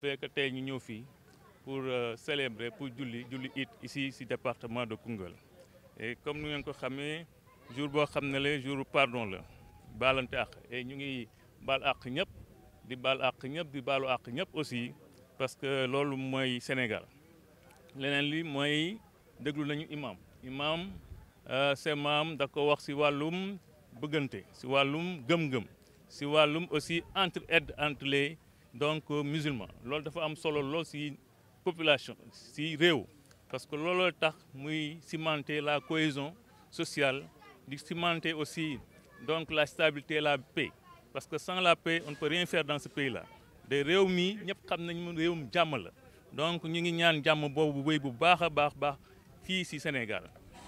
fait que tey ñu ñëw fii pour euh, célébrer pour julli julli it ici si département de Koungheul et comme nu ngeen ko xamee jour boo xam le. la jour pardon la baalante àq et ñu ngi bal àq ñëpp di bal àq ñëpp di baalu àq ñëpp aussi parce que loolu mooy Sénégal leneen li mooy déglu nañu imam imam c'est euh, maam da ko wax si walum bëggante si walum gëm-gëm si wàllum aussi entre aide entre les donc euh, musulmans. lors dafa am solo lool population si réew parce que looloo tax muy cimenter la cohésion sociale di cimenter aussi donc la stabilité la paix parce que sans la paix on ne peut rien faire dans ce pays là des réew mi a xam de réewum jamal la donc ñu ngi ñaan jàmm boobu wéy bu baax a baax baax fii si Sénégal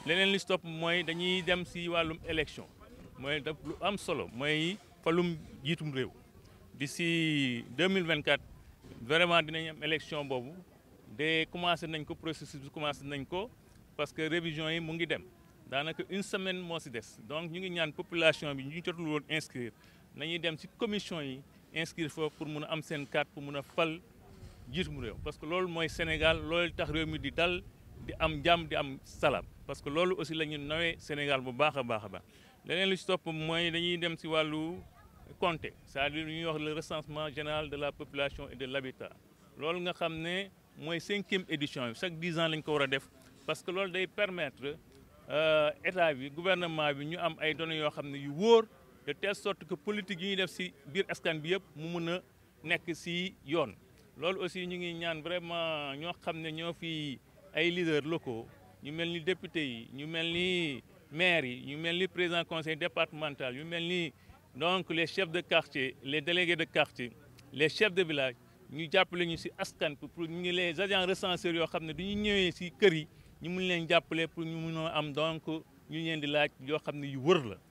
leneen li stop moi dañuy dem si wàllum élection moi daf am solo mooy falum jiitum réew d'ici 2024 vraiment dinañ am élection boobu de commencer nañ ko processus bi commencer nañ ko parce que révision yi mu ngi dem daanaka une semaine moo si des donc ñu ngi ñaan population bi ñu jotul woon inscrire nañuy dem si commission yi inscrire foofu pour mun a am seen carte pour mun a fal jiit mu réew parce que loolu mooy Sénégal loolu tax réew mi di dal di am jàmm di am salaam parce que loolu aussi la ñu nawee Sénégal bu baax a baax a baax leneen lu si topp mooy dañuy dem si wàllu Conté, c'est-à-dire lu wax le recensement général de la population et de l'habitat loolu nga xam ne 5e édition chaque dix ans lañ ko war def parce que loolu day permettre euh, état bi gouvernement bi ñu am ay données yoo xam yu de telle sorte que politique yi ñuy def ci biir askan bi yëpp mu mun ci yoon aussi ñu ngi ñaan vraiment ñoo xam ne ñoo fi ay leaders locaux ñu mel les député yi ñu les maires, maire yi ñu présidents ni président conseil départemental ñu mel les donc les chefs de quartier les délégués de quartier les chefs de village nous appelons ici askan pour que les agents recenseurs soient venus ici, la pour donc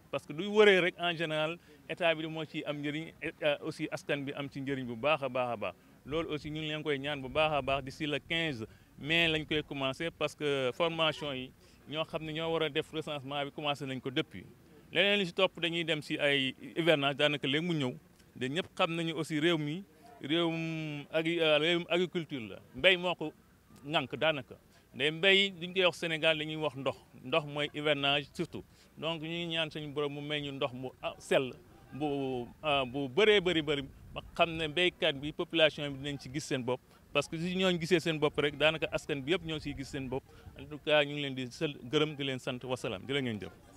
parce que nous en général euh, aussi askan bi am ci bu a baax lool aussi ñu ngi koy ñaan bu baax d'ici le 15 mai lañ koy commencé parce que formation yi ño ño wara def recensement commencé depuis leneen li si topp dañuy dem si ay hivernage daanaka léegi mu ñëw de ñëpp xam nañu aussi réew mi réewum agri euh, réewum agriculture la mbéy moo ko ŋànk daanaka mais mbéy duñ koy wax Sénégal dañuy wax ndox ndox mooy hivernage surtout donc ñu ñaan suñu borom mu may ñu ndox mu ah, sell bu ah, bu bëree bëri bëri ba xam ne béykat bi population bi dinañ ci gis seen bopp parce que si ñooñ gisee seen bopp rek daanaka askan bi yëpp ñoo si gis seen bopp en ñu ngi leen di sel gërëm di leen sant wasalaam jërë ngeen jëf